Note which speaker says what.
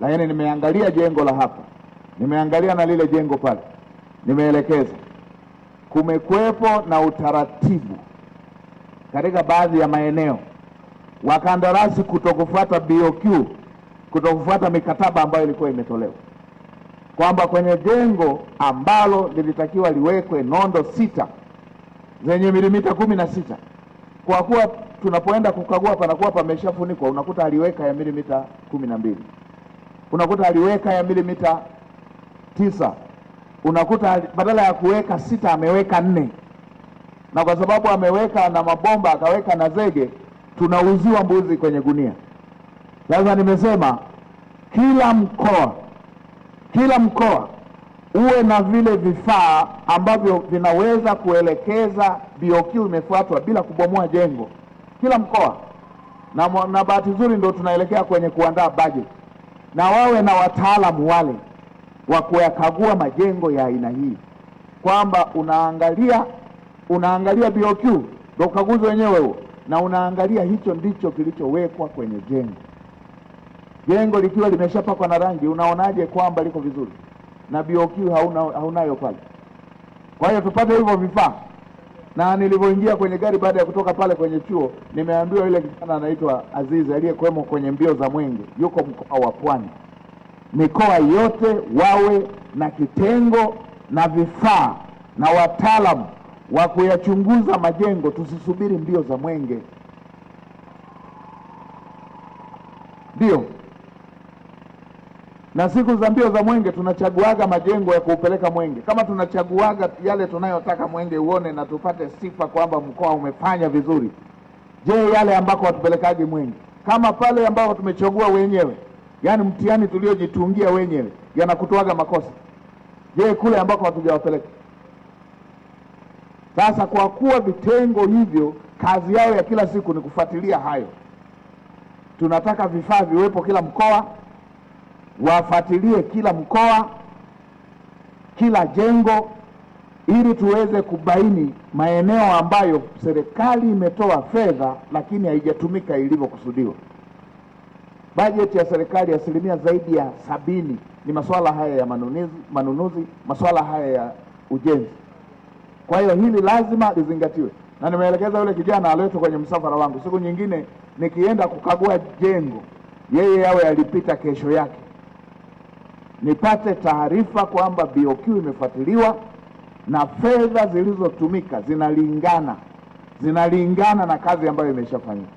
Speaker 1: lakini nimeangalia jengo la hapa, nimeangalia na lile jengo pale, nimeelekeza. Kumekuwepo na utaratibu katika baadhi ya maeneo, wakandarasi kutokufuata BOQ, kutokufuata mikataba ambayo ilikuwa imetolewa, kwamba kwenye jengo ambalo lilitakiwa liwekwe nondo sita zenye milimita kumi na sita kwa kuwa tunapoenda kukagua panakuwa pameshafunikwa, unakuta aliweka ya milimita kumi na mbili unakuta aliweka ya milimita tisa, unakuta badala ya kuweka sita ameweka nne, na kwa sababu ameweka na mabomba akaweka na zege, tunauziwa mbuzi kwenye gunia. Sasa nimesema kila mkoa, kila mkoa uwe na vile vifaa ambavyo vinaweza kuelekeza BOQ imefuatwa bila kubomoa jengo, kila mkoa na, na bahati nzuri ndo tunaelekea kwenye kuandaa bajeti na wawe na wataalamu wale wa kuyakagua majengo ya aina hii, kwamba unaangalia unaangalia BOQ ndio ukaguzi wenyewe huo, na unaangalia hicho ndicho kilichowekwa kwenye jengo. Jengo likiwa limeshapakwa na rangi, unaonaje kwamba liko vizuri na BOQ hauna, haunayo pale? Kwa hiyo tupate hivyo vifaa na nilivyoingia kwenye gari baada ya kutoka pale kwenye chuo, nimeambiwa yule kijana anaitwa Azizi aliyekuwemo kwenye mbio za mwenge yuko mkoa wa Pwani. Mikoa yote wawe na kitengo na vifaa na wataalamu wa kuyachunguza majengo, tusisubiri mbio za mwenge. Ndio na siku za mbio za mwenge tunachaguaga majengo ya kuupeleka mwenge, kama tunachaguaga yale tunayotaka mwenge uone na tupate sifa kwamba mkoa umefanya vizuri. Je, yale ambako hatupelekaji mwenge, kama pale ambako tumechagua wenyewe, yani mtihani tuliojitungia wenyewe, yanakutoaga makosa? Je, kule ambako hatujawapeleka? Sasa kwa kuwa vitengo hivyo kazi yao ya kila siku ni kufuatilia hayo, tunataka vifaa viwepo kila mkoa wafuatilie kila mkoa, kila jengo, ili tuweze kubaini maeneo ambayo serikali imetoa fedha lakini haijatumika ilivyokusudiwa. Bajeti ya serikali asilimia zaidi ya sabini ni masuala haya ya manunuzi, manunuzi masuala haya ya ujenzi. Kwa hiyo hili lazima lizingatiwe, na nimeelekeza yule kijana aliyoitwa kwenye msafara wangu, siku nyingine nikienda kukagua jengo, yeye yawe alipita kesho yake nipate taarifa kwamba BOQ imefuatiliwa na fedha zilizotumika zinalingana zinalingana na kazi ambayo imeshafanyika.